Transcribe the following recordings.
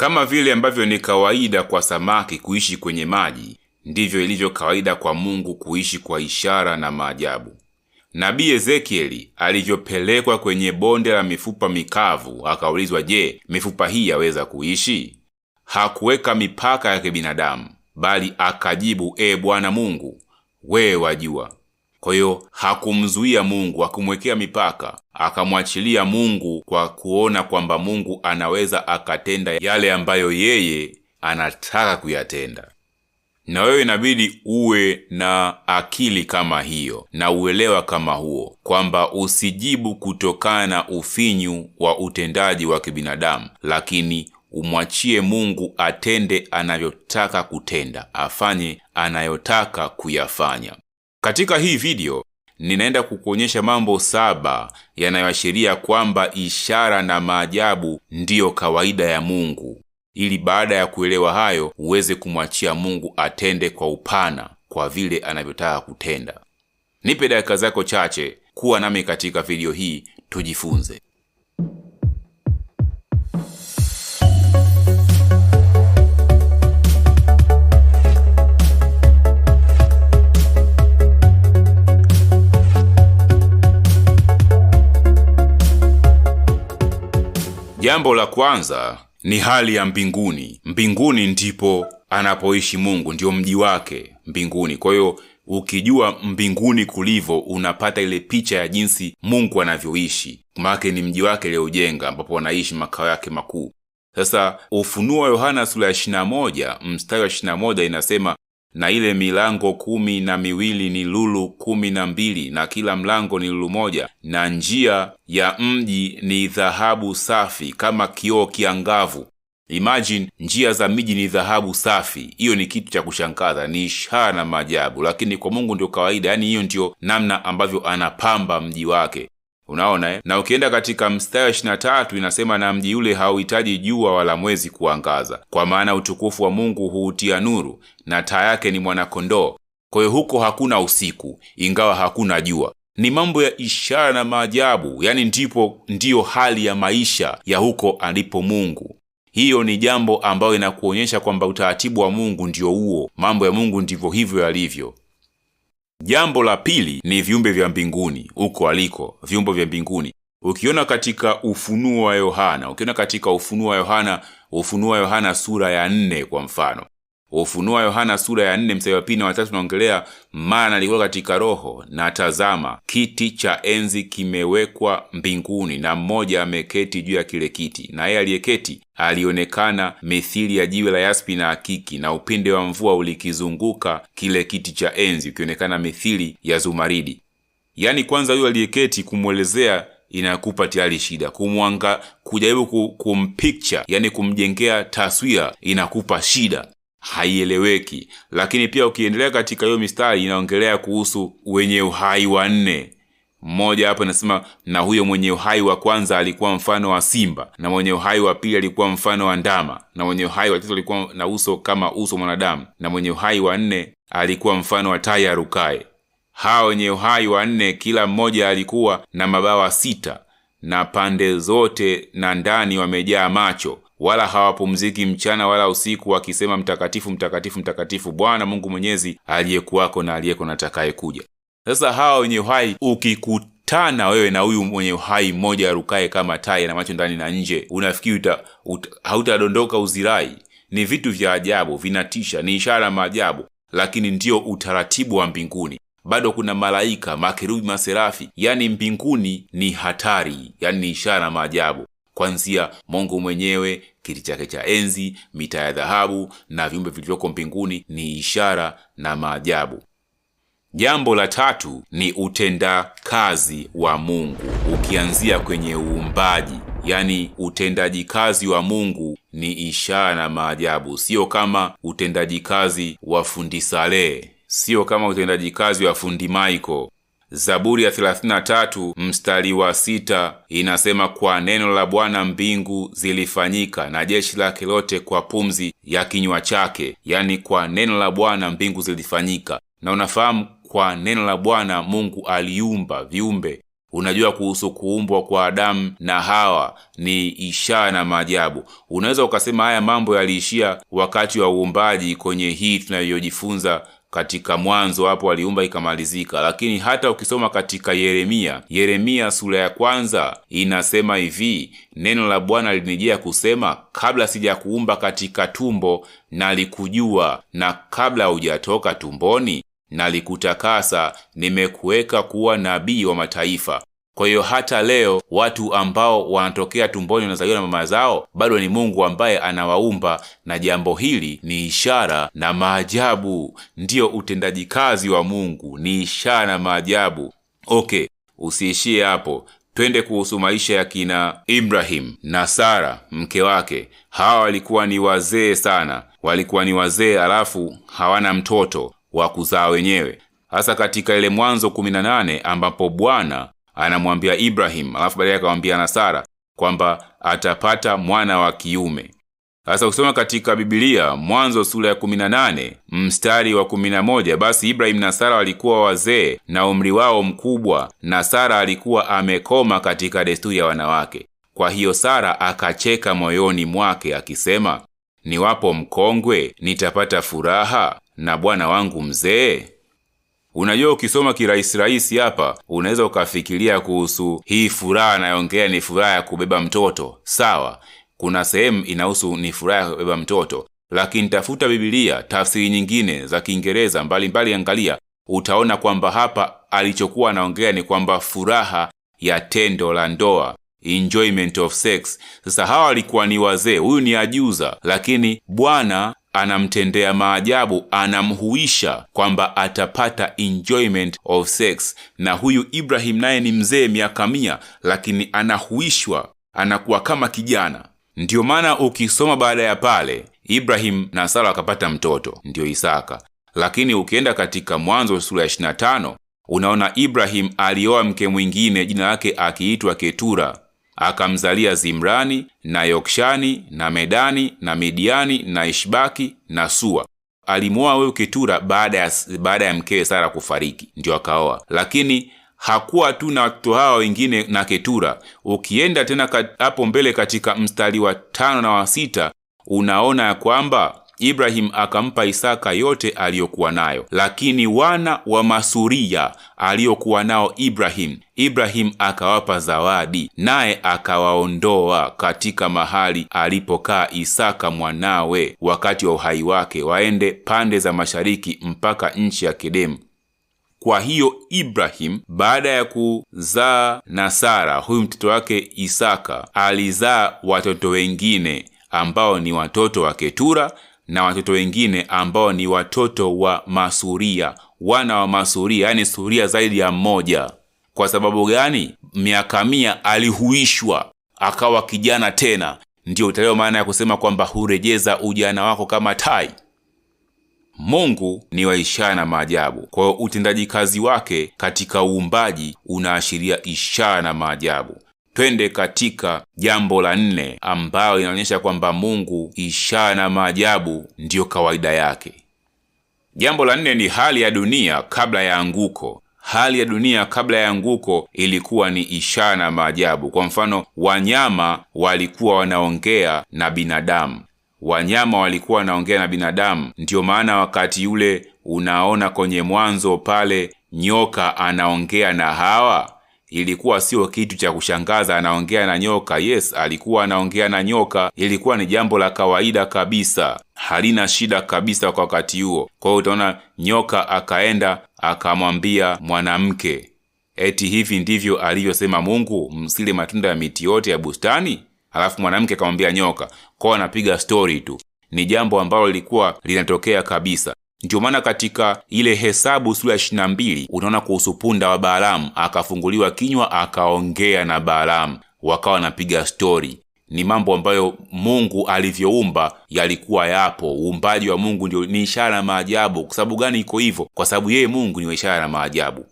Kama vile ambavyo ni kawaida kwa samaki kuishi kwenye maji, ndivyo ilivyo kawaida kwa Mungu kuishi kwa ishara na maajabu. Nabii Ezekieli alivyopelekwa kwenye bonde la mifupa mikavu, akaulizwa, je, mifupa hii yaweza kuishi? Hakuweka mipaka ya kibinadamu, bali akajibu, e Bwana Mungu, wewe wajua. Kwa hiyo hakumzuia Mungu, akumwekea mipaka, akamwachilia Mungu kwa kuona kwamba Mungu anaweza akatenda yale ambayo yeye anataka kuyatenda. Na wewe inabidi uwe na akili kama hiyo na uelewa kama huo, kwamba usijibu kutokana na ufinyu wa utendaji wa kibinadamu, lakini umwachie Mungu atende anavyotaka kutenda, afanye anayotaka kuyafanya. Katika hii video ninaenda kukuonyesha mambo saba yanayoashiria kwamba ishara na maajabu ndiyo kawaida ya Mungu, ili baada ya kuelewa hayo uweze kumwachia Mungu atende kwa upana kwa vile anavyotaka kutenda. Nipe dakika zako chache, kuwa nami katika video hii tujifunze. Jambo la kwanza ni hali ya mbinguni. Mbinguni ndipo anapoishi Mungu, ndio mji wake mbinguni. Kwa hiyo ukijua mbinguni kulivyo, unapata ile picha ya jinsi Mungu anavyoishi, maanake ni mji wake aliyoujenga, ambapo anaishi makao yake makuu. Sasa Ufunuo wa Yohana sura ya 21 mstari wa 21 inasema na ile milango kumi na miwili ni lulu kumi na mbili na kila mlango ni lulu moja, na njia ya mji ni dhahabu safi kama kioo kiangavu. Imagine, njia za miji ni dhahabu safi. Hiyo ni kitu cha kushangaza, ni ishara na maajabu, lakini kwa Mungu ndio kawaida. Yaani hiyo ndio namna ambavyo anapamba mji wake. Unaona eh? Na ukienda katika mstari wa ishirini na tatu inasema, na mji ule hauhitaji jua wala mwezi kuangaza, kwa maana utukufu wa Mungu huutia nuru, na taa yake ni mwanakondoo. Kwa hiyo huko hakuna usiku, ingawa hakuna jua. Ni mambo ya ishara na maajabu, yaani ndipo ndiyo hali ya maisha ya huko alipo Mungu. Hiyo ni jambo ambayo inakuonyesha kwamba utaratibu wa Mungu ndio huo, mambo ya Mungu ndivyo hivyo yalivyo. Jambo la pili ni viumbe vya mbinguni, huko aliko viumbe vya mbinguni. Ukiona katika Ufunuo wa Yohana, ukiona katika Ufunuo wa Yohana, Ufunuo wa Yohana sura ya nne kwa mfano, Ufunua Yohana sura ya nne mstari wa pili na watatu unaongelea, maana alikuwa katika Roho, na tazama, kiti cha enzi kimewekwa mbinguni, na mmoja ameketi juu ya kile kiti, na yeye aliyeketi alionekana mithili ya jiwe la yaspi na akiki, na upinde wa mvua ulikizunguka kile kiti cha enzi, ukionekana mithili ya zumaridi. yani kwanza yule aliyeketi kumwelezea inakupa tayari shida kumwanga, kujaribu kumpicture, yani kumjengea taswira inakupa shida haieleweki. Lakini pia ukiendelea katika hiyo mistari inaongelea kuhusu wenye uhai wa nne Mmoja hapo inasema na huyo mwenye uhai wa kwanza alikuwa mfano wa simba, na mwenye uhai wa pili alikuwa mfano wa ndama, na mwenye uhai wa tatu alikuwa na uso kama uso mwanadamu, na mwenye uhai wa nne alikuwa mfano wa tai arukae Hawa wenye uhai wa nne, kila mmoja alikuwa na mabawa sita, na pande zote na ndani wamejaa macho wala hawapumziki mchana wala usiku, wakisema mtakatifu, mtakatifu, mtakatifu, Bwana Mungu Mwenyezi, aliyekuwako na aliyeko na atakayekuja. Sasa hawa wenye uhai ukikutana wewe na huyu mwenye uhai mmoja arukaye kama tai na macho ndani na nje, unafikiri uta, uta, hautadondoka uzirai? Ni vitu vya ajabu, vinatisha, ni ishara maajabu, lakini ndiyo utaratibu wa mbinguni. Bado kuna malaika, makerubi, maserafi, yani mbinguni ni hatari, yani ni ishara maajabu kuanzia Mungu mwenyewe, kiti chake cha enzi, mita ya dhahabu na viumbe vilivyoko mbinguni ni ishara na maajabu. Jambo la tatu ni utendakazi wa Mungu, ukianzia kwenye uumbaji, yani utendaji kazi wa Mungu ni ishara na maajabu, sio kama utendaji kazi wa fundi Salehe, sio kama utendaji kazi wa fundi Michael. Zaburi ya 33 mstari wa sita inasema, kwa neno la Bwana mbingu zilifanyika na jeshi lake lote kwa pumzi ya kinywa chake. Yani, kwa neno la Bwana mbingu zilifanyika, na unafahamu kwa neno la Bwana Mungu aliumba viumbe. Unajua kuhusu kuumbwa kwa Adamu na Hawa ni ishara na maajabu. Unaweza ukasema haya mambo yaliishia wakati wa uumbaji kwenye hii tunayojifunza katika Mwanzo hapo aliumba ikamalizika. Lakini hata ukisoma katika Yeremia, Yeremia sura ya kwanza inasema hivi, neno la Bwana linijia kusema, kabla sijakuumba katika tumbo nalikujua, na kabla hujatoka tumboni nalikutakasa, nimekuweka kuwa nabii wa mataifa. Kwa hiyo hata leo watu ambao wanatokea tumboni wanazaliwa na mama zao bado ni Mungu ambaye anawaumba, na jambo hili ni ishara na maajabu. Ndiyo utendaji kazi wa Mungu ni ishara na maajabu. Okay, usiishie hapo. Twende kuhusu maisha ya kina Ibrahim na Sara mke wake. Hawa walikuwa ni wazee sana, walikuwa ni wazee alafu hawana mtoto wa kuzaa wenyewe, hasa katika ile Mwanzo 18 ambapo Bwana anamwambia Ibrahim, alafu baadaye akamwambia na Sara kwamba atapata mwana wa kiume. Sasa ukisoma katika Bibilia Mwanzo sura ya 18 mstari wa 11, basi Ibrahimu na Sara walikuwa wazee na umri wao mkubwa, na Sara alikuwa amekoma katika desturi ya wanawake. Kwa hiyo Sara akacheka moyoni mwake akisema, niwapo mkongwe nitapata furaha na bwana wangu mzee? Unajua, ukisoma kirahisi rahisi hapa unaweza ukafikiria kuhusu hii furaha anayoongea ni furaha ya kubeba mtoto. Sawa, kuna sehemu inahusu ni furaha ya kubeba mtoto, lakini tafuta Bibilia, tafsiri nyingine za Kiingereza mbalimbali, angalia, utaona kwamba hapa alichokuwa anaongea ni kwamba furaha ya tendo la ndoa enjoyment of sex. Sasa hawa walikuwa ni wazee, huyu ni ajuza, lakini Bwana anamtendea maajabu, anamhuisha kwamba atapata enjoyment of sex. Na huyu Ibrahim naye ni mzee miaka mia, lakini anahuishwa, anakuwa kama kijana. Ndiyo maana ukisoma baada ya pale, Ibrahim na Sara wakapata mtoto, ndiyo Isaka. Lakini ukienda katika Mwanzo sura ya 25 unaona Ibrahim alioa mke mwingine, jina lake akiitwa Ketura akamzalia Zimrani na Yokshani na Medani na Midiani na Ishbaki na Sua. Alimwoa huyu Ketura baada ya, baada ya mkewe Sara kufariki, ndio akaoa. Lakini hakuwa tu na watoto hawa wengine na Ketura. Ukienda tena hapo kat, mbele katika mstari wa tano na wa sita unaona ya kwamba Ibrahim akampa Isaka yote aliyokuwa nayo, lakini wana wa masuria aliyokuwa nao Ibrahim, Ibrahim akawapa zawadi, naye akawaondoa katika mahali alipokaa Isaka mwanawe wakati wa uhai wake, waende pande za mashariki mpaka nchi ya Kedemu. Kwa hiyo Ibrahim baada ya kuzaa na Sara huyu mtoto wake Isaka, alizaa watoto wengine ambao ni watoto wa Ketura na watoto wengine ambao ni watoto wa masuria, wana wa masuria, yani suria zaidi ya mmoja. Kwa sababu gani? Miaka mia alihuishwa akawa kijana tena, ndiyo utaelewa maana ya kusema kwamba hurejeza ujana wako kama tai. Mungu ni wa ishara na maajabu. kwayo utendaji kazi wake katika uumbaji unaashiria ishara na maajabu twende katika jambo la nne ambayo inaonyesha kwamba Mungu ishara na maajabu ndiyo kawaida yake. Jambo la nne ni hali ya dunia kabla ya anguko. Hali ya dunia kabla ya anguko ilikuwa ni ishara na maajabu. Kwa mfano, wanyama walikuwa wanaongea na binadamu, wanyama walikuwa wanaongea na binadamu. Ndiyo maana wakati yule unaona kwenye Mwanzo pale nyoka anaongea na Hawa Ilikuwa sio kitu cha kushangaza, anaongea na nyoka. Yes, alikuwa anaongea na nyoka, ilikuwa ni jambo la kawaida kabisa, halina shida kabisa kwa wakati huo. Kwa hiyo utaona nyoka akaenda akamwambia mwanamke, eti hivi ndivyo alivyosema Mungu, msile matunda ya miti yote ya bustani? Alafu mwanamke akamwambia nyoka. Kwao anapiga stori tu, ni jambo ambalo lilikuwa linatokea kabisa ndio maana katika ile Hesabu sura ya 22 unaona kuhusu punda wa Balaamu, akafunguliwa kinywa akaongea na Balaamu, wakawa wanapiga stori. Ni mambo ambayo Mungu alivyoumba yalikuwa yapo. Uumbaji wa Mungu ndio ni ishara na maajabu. Kwa sababu gani iko hivyo? Kwa sababu yeye Mungu ni ishara na maajabu.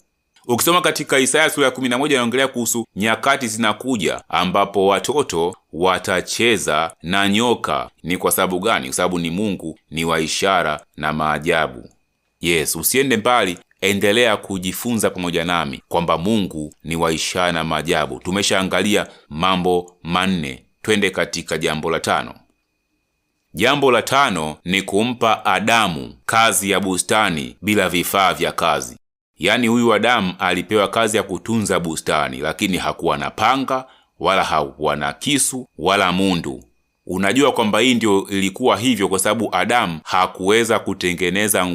Ukisoma katika Isaya sura ya 11 inaongelea kuhusu nyakati zinakuja ambapo watoto watacheza na nyoka. Ni kwa sababu gani? Kwa sababu ni Mungu ni wa ishara na maajabu. Yes, usiende mbali, endelea kujifunza pamoja nami kwamba Mungu ni wa ishara na maajabu. Tumeshaangalia mambo manne, twende katika jambo la tano. Jambo la tano ni kumpa Adamu kazi ya bustani bila vifaa vya kazi. Yaani huyu Adamu alipewa kazi ya kutunza bustani, lakini hakuwa na panga wala hakuwa na kisu wala mundu. Unajua kwamba hii ndio ilikuwa hivyo kwa sababu Adamu hakuweza kutengeneza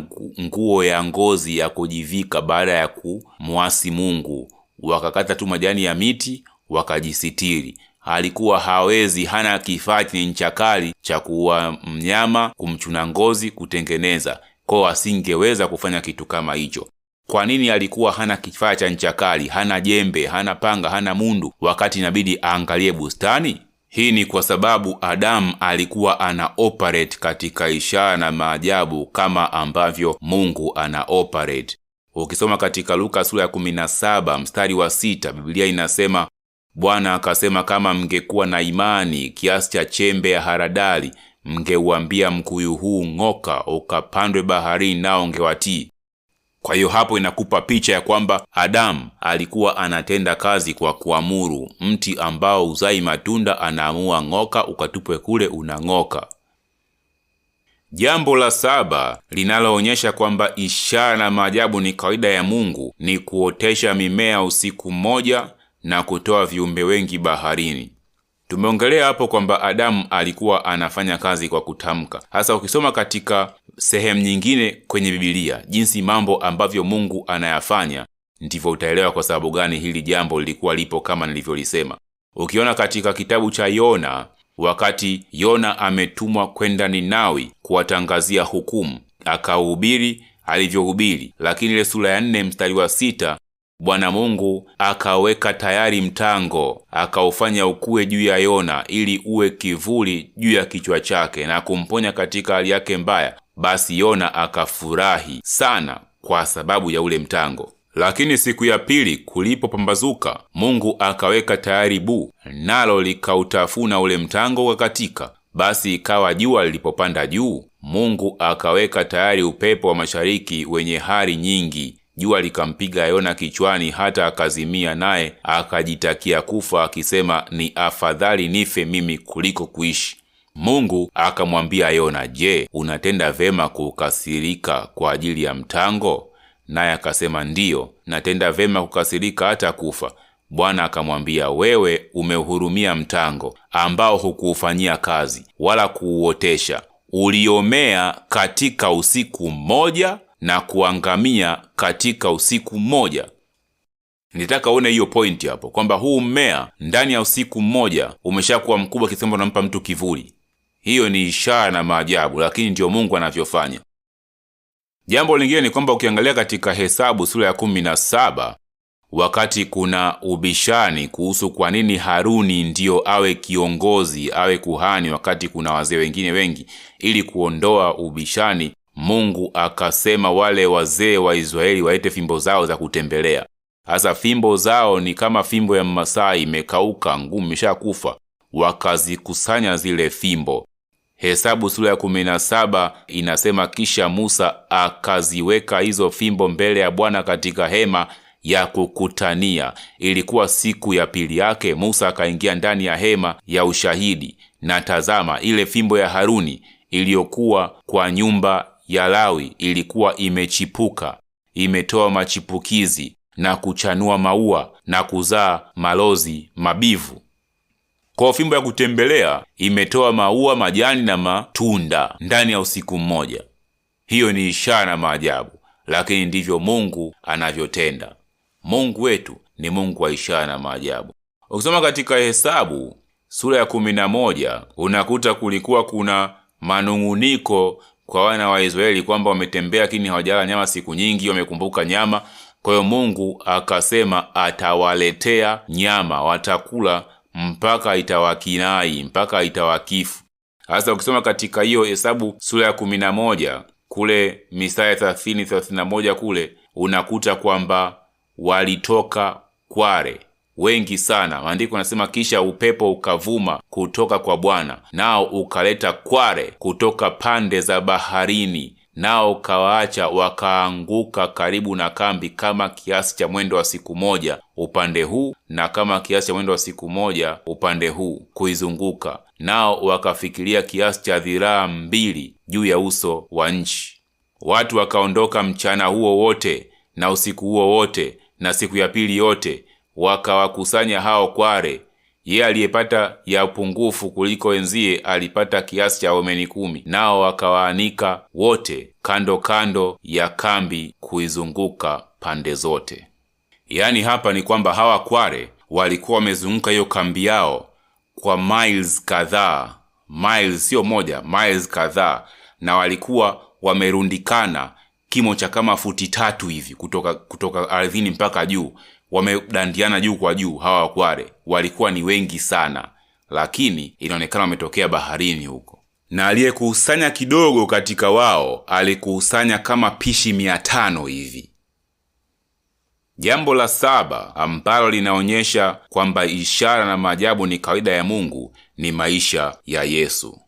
nguo ya ngozi ya kujivika baada ya kumwasi Mungu. Wakakata tu majani ya miti wakajisitiri. Alikuwa hawezi, hana kifaa chenye ncha kali cha kuua mnyama, kumchuna ngozi, kutengeneza kwao, asingeweza kufanya kitu kama hicho. Kwa nini alikuwa hana kifaa cha nchakali hana jembe, hana panga, hana mundu, wakati inabidi aangalie bustani? Hii ni kwa sababu Adamu alikuwa ana operate katika ishara na maajabu kama ambavyo Mungu ana operate. Ukisoma katika Luka sura ya 17 mstari wa sita, Biblia inasema Bwana akasema, kama mngekuwa na imani kiasi cha chembe ya haradali, mngeuambia mkuyu huu ng'oka, ukapandwe baharini, nao ungewatii. Kwa hiyo hapo inakupa picha ya kwamba Adamu alikuwa anatenda kazi kwa kuamuru. Mti ambao uzai matunda anaamua ng'oka ukatupwe kule, unang'oka. Jambo la saba linaloonyesha kwamba ishara na maajabu ni kawaida ya Mungu ni kuotesha mimea usiku mmoja na kutoa viumbe wengi baharini. Tumeongelea hapo kwamba Adamu alikuwa anafanya kazi kwa kutamka. hasa ukisoma katika sehemu nyingine kwenye Bibilia jinsi mambo ambavyo Mungu anayafanya, ndivyo utaelewa kwa sababu gani hili jambo lilikuwa lipo kama nilivyolisema. Ukiona katika kitabu cha Yona, wakati Yona ametumwa kwenda Ninawi kuwatangazia hukumu, akahubiri alivyohubiri, lakini ile sura ya nne mstari wa sita Bwana Mungu akaweka tayari mtango akaufanya ukuwe juu ya Yona ili uwe kivuli juu ya kichwa chake na kumponya katika hali yake mbaya, basi Yona akafurahi sana kwa sababu ya ule mtango. Lakini siku ya pili kulipopambazuka, Mungu akaweka tayari buu, nalo likautafuna ule mtango wakatika. Basi ikawa jua lilipopanda juu, Mungu akaweka tayari upepo wa mashariki wenye hari nyingi. Jua likampiga Yona kichwani hata akazimia, naye akajitakia kufa akisema, ni afadhali nife mimi kuliko kuishi. Mungu akamwambia Yona, je, unatenda vema kukasirika kwa ajili ya mtango? Naye akasema ndiyo, natenda vema kukasirika hata kufa. Bwana akamwambia, wewe umehurumia mtango ambao hukuufanyia kazi wala kuuotesha, uliomea katika usiku mmoja na kuangamia katika usiku mmoja. Nitaka uone hiyo pointi hapo kwamba huu mmea ndani ya usiku mmoja umeshakuwa mkubwa, kisemba unampa mtu kivuli hiyo ni ishara na maajabu, lakini ndiyo Mungu anavyofanya. Jambo lingine ni kwamba ukiangalia katika Hesabu sura ya 17 saba wakati kuna ubishani kuhusu kwa nini Haruni ndiyo awe kiongozi awe kuhani, wakati kuna wazee wengine wengi, ili kuondoa ubishani, Mungu akasema wale wazee wa Israeli waite fimbo zao za kutembelea. Hasa fimbo zao ni kama fimbo ya Mmasai, imekauka, ngumu, imeshakufa. Wakazikusanya zile fimbo, Hesabu sura ya 17 inasema, kisha Musa akaziweka hizo fimbo mbele ya Bwana katika hema ya kukutania. Ilikuwa siku ya pili yake, Musa akaingia ndani ya hema ya ushahidi, na tazama, ile fimbo ya Haruni iliyokuwa kwa nyumba ya Lawi ilikuwa imechipuka, imetoa machipukizi na kuchanua maua na kuzaa malozi mabivu. Kwa fimbo ya kutembelea imetoa maua, majani na matunda ndani ya usiku mmoja. Hiyo ni ishara na maajabu, lakini ndivyo Mungu anavyotenda. Mungu wetu ni Mungu wa ishara na maajabu. Ukisoma katika Hesabu sura ya kumi na moja unakuta kulikuwa kuna manung'uniko kwa wana wa Israeli kwamba wametembea lakini hawajala nyama siku nyingi, wamekumbuka nyama. Kwa hiyo Mungu akasema atawaletea nyama, watakula mpaka itawakinai mpaka itawakifu. Hasa ukisoma katika hiyo Hesabu sura ya kumi na moja kule mistari ya thelathini thelathini na moja kule unakuta kwamba walitoka kware wengi sana. Maandiko anasema kisha upepo ukavuma kutoka kwa Bwana, nao ukaleta kware kutoka pande za baharini, nao ukawaacha wakaanguka karibu na kambi kama kiasi cha mwendo wa siku moja upande huu na kama kiasi cha mwendo wa siku moja upande huu kuizunguka, nao wakafikiria kiasi cha dhiraa mbili juu ya uso wa nchi. Watu wakaondoka mchana huo wote na usiku huo wote na siku ya pili yote, wakawakusanya hao kware yeye aliyepata ya upungufu kuliko wenzie alipata kiasi cha omeni kumi, nao wakawaanika wote kando kando ya kambi kuizunguka pande zote. Yaani hapa ni kwamba hawa kware walikuwa wamezunguka hiyo kambi yao kwa miles kadhaa, miles siyo moja, miles kadhaa, na walikuwa wamerundikana kimo cha kama futi tatu hivi kutoka kutoka ardhini mpaka juu, wamedandiana juu kwa juu. Hawa wakware walikuwa ni wengi sana, lakini inaonekana wametokea baharini huko na aliyekuhusanya kidogo katika wao alikuhusanya kama pishi mia tano hivi. Jambo la saba ambalo linaonyesha kwamba ishara na maajabu ni kawaida ya Mungu ni maisha ya Yesu.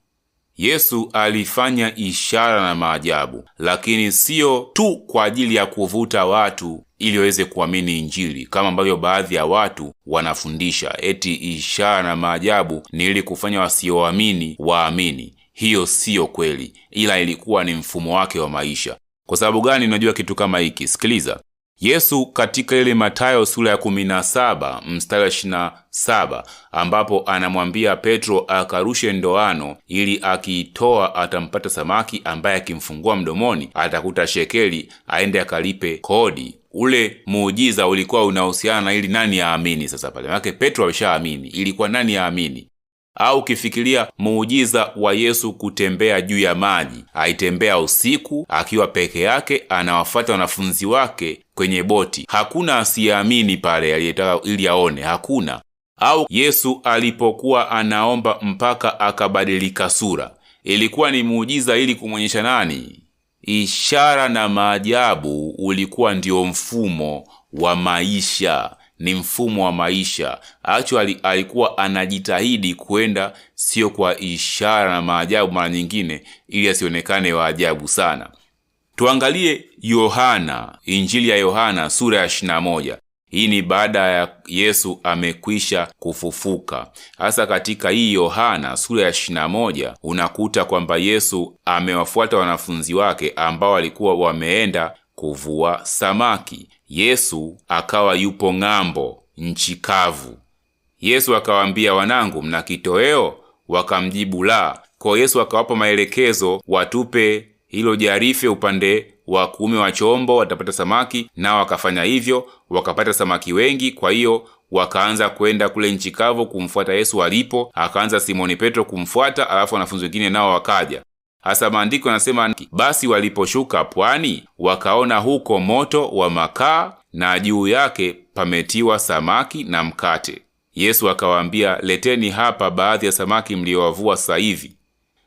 Yesu alifanya ishara na maajabu, lakini siyo tu kwa ajili ya kuvuta watu ili waweze kuamini Injili, kama ambavyo baadhi ya watu wanafundisha eti ishara na maajabu ni ili kufanya wasioamini waamini. Hiyo siyo kweli, ila ilikuwa ni mfumo wake wa maisha. Kwa sababu gani unajua kitu kama hiki? Sikiliza. Yesu katika ile Mathayo sura ya 17 mstari wa 27, ambapo anamwambia Petro akarushe ndoano ili akiitoa atampata samaki ambaye akimfungua mdomoni atakuta shekeli, aende akalipe kodi ule muujiza ulikuwa unahusiana na ili nani yaamini. Sasa pale manake Petro ameshaamini, ilikuwa nani yaamini? Au ukifikiria muujiza wa Yesu kutembea juu ya maji, aitembea usiku akiwa peke yake, anawafuata wanafunzi wake kwenye boti, hakuna asiyeamini pale aliyetaka ili aone, hakuna. Au Yesu alipokuwa anaomba mpaka akabadilika sura, ilikuwa ni muujiza ili kumwonyesha nani Ishara na maajabu ulikuwa ndio mfumo wa maisha, ni mfumo wa maisha. Actually alikuwa anajitahidi kwenda sio kwa ishara na maajabu mara nyingine, ili asionekane wa ajabu sana. Tuangalie Yohana, injili ya Yohana sura ya 21. Hii ni baada ya Yesu amekwisha kufufuka. Hasa katika hii Yohana sura ya 21 unakuta kwamba Yesu amewafuata wanafunzi wake ambao walikuwa wameenda kuvua samaki. Yesu akawa yupo ng'ambo, nchi kavu. Yesu akawaambia, wanangu, mna kitoweo? Wakamjibu la. Kwa Yesu akawapa maelekezo watupe hilo jarife upande wa kuume wa chombo watapata samaki, na wakafanya hivyo, wakapata samaki wengi. Kwa hiyo wakaanza kwenda kule nchi kavu kumfuata Yesu alipo, akaanza Simoni Petro kumfuata, alafu wanafunzi wengine nao wakaja. Hasa maandiko yanasema, basi waliposhuka pwani, wakaona huko moto wa makaa na juu yake pametiwa samaki na mkate. Yesu akawaambia, leteni hapa baadhi ya samaki mliyowavua sasa hivi.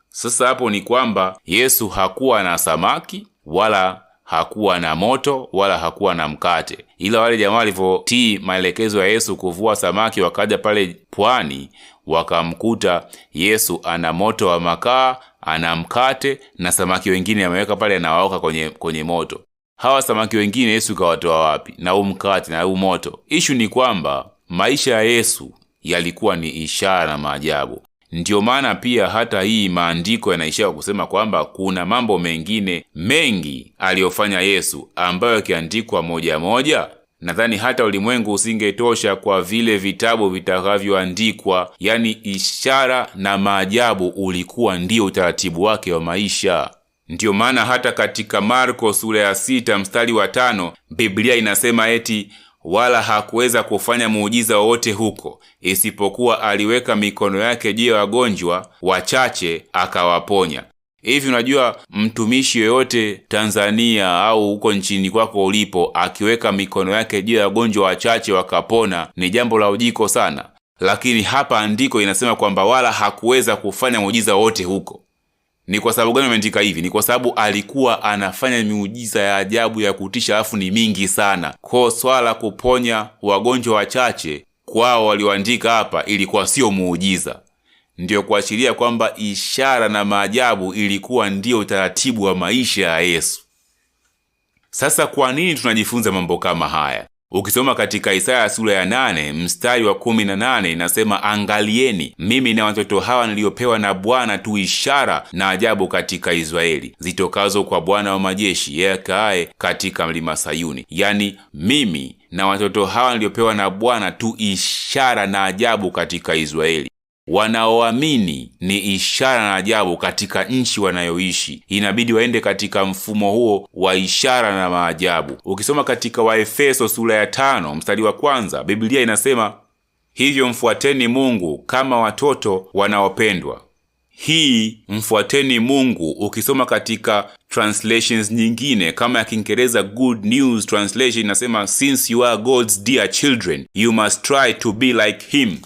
Sasa hapo ni kwamba Yesu hakuwa na samaki wala hakuwa na moto wala hakuwa na mkate, ila wale jamaa walivyotii maelekezo ya Yesu kuvua samaki, wakaja pale pwani, wakamkuta Yesu ana moto wa makaa, ana mkate na samaki wengine ameweka pale, anawaoka kwenye, kwenye moto. Hawa samaki wengine Yesu kawatoa wapi? Na huu mkate na huu moto? Ishu ni kwamba maisha ya Yesu yalikuwa ni ishara na maajabu. Ndiyo maana pia hata hii maandiko yanaishia kusema kwamba kuna mambo mengine mengi aliyofanya Yesu ambayo yakiandikwa moja moja nadhani hata ulimwengu usingetosha kwa vile vitabu vitakavyoandikwa. Yani, ishara na maajabu ulikuwa ndiyo utaratibu wake wa maisha. Ndiyo maana hata katika Marko sura ya sita mstari wa tano Biblia inasema eti wala hakuweza kufanya muujiza wowote huko, isipokuwa aliweka mikono yake juu ya wagonjwa wachache akawaponya. Hivi unajua, mtumishi yoyote Tanzania au huko nchini kwako ulipo, akiweka mikono yake juu ya wagonjwa wachache wakapona, ni jambo la ujiko sana. Lakini hapa andiko inasema kwamba wala hakuweza kufanya muujiza wowote huko. Ni kwa sababu gani ameandika hivi? Ni kwa sababu alikuwa anafanya miujiza ya ajabu ya kutisha, alafu ni mingi sana. Kwa swala la kuponya wagonjwa wachache kwao walioandika hapa ilikuwa sio muujiza, ndiyo kuashiria kwamba ishara na maajabu ilikuwa ndiyo utaratibu wa maisha ya Yesu. Sasa kwa nini tunajifunza mambo kama haya? Ukisoma katika Isaya sura ya nane mstari wa kumi na nane inasema, angalieni mimi na watoto hawa niliyopewa na Bwana tu ishara na ajabu katika Israeli zitokazo kwa Bwana wa majeshi, yeye akaaye katika mlima Sayuni. Yani mimi na watoto hawa niliyopewa na Bwana tu ishara na ajabu katika Israeli wanaoamini ni ishara na ajabu katika nchi wanayoishi. Inabidi waende katika mfumo huo wa ishara na maajabu. Ukisoma katika Waefeso sura ya tano mstari wa kwanza Biblia inasema hivyo, mfuateni Mungu kama watoto wanaopendwa. Hii mfuateni Mungu ukisoma katika translations nyingine kama ya Kiingereza Good News Translation inasema, since you are God's dear children you must try to be like him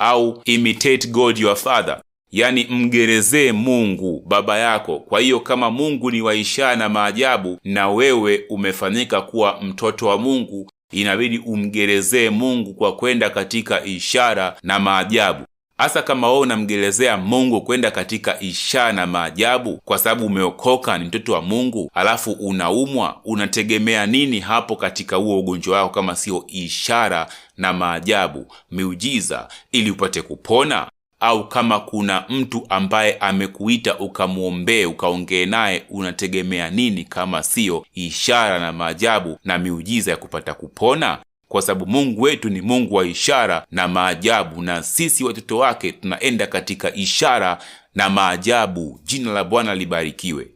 au imitate God your father, yani mgerezee Mungu baba yako. Kwa hiyo kama Mungu ni waishaa na maajabu na wewe umefanyika kuwa mtoto wa Mungu, inabidi umgerezee Mungu kwa kwenda katika ishara na maajabu. Hasa kama wewe unamgerezea Mungu kwenda katika ishara na maajabu, kwa sababu umeokoka, ni mtoto wa Mungu, alafu unaumwa, unategemea nini hapo katika huo ugonjwa wako kama sio ishara na maajabu, miujiza ili upate kupona? Au kama kuna mtu ambaye amekuita ukamwombee, ukaongee naye, unategemea nini kama siyo ishara na maajabu na miujiza ya kupata kupona? Kwa sababu Mungu wetu ni Mungu wa ishara na maajabu, na sisi watoto wake tunaenda katika ishara na maajabu. Jina la Bwana libarikiwe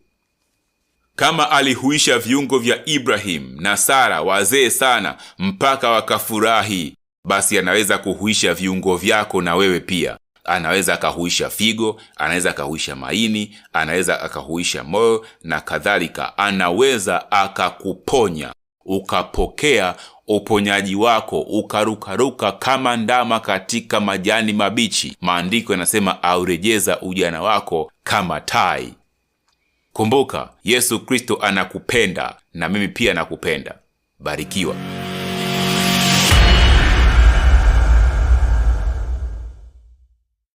kama alihuisha viungo vya Ibrahimu na Sara wazee sana mpaka wakafurahi, basi anaweza kuhuisha viungo vyako na wewe pia. Anaweza akahuisha figo, anaweza akahuisha maini, anaweza akahuisha moyo na kadhalika. Anaweza akakuponya ukapokea uponyaji wako ukarukaruka kama ndama katika majani mabichi. Maandiko yanasema aurejeza ujana wako kama tai. Kumbuka, Yesu Kristo anakupenda na mimi pia nakupenda. Barikiwa.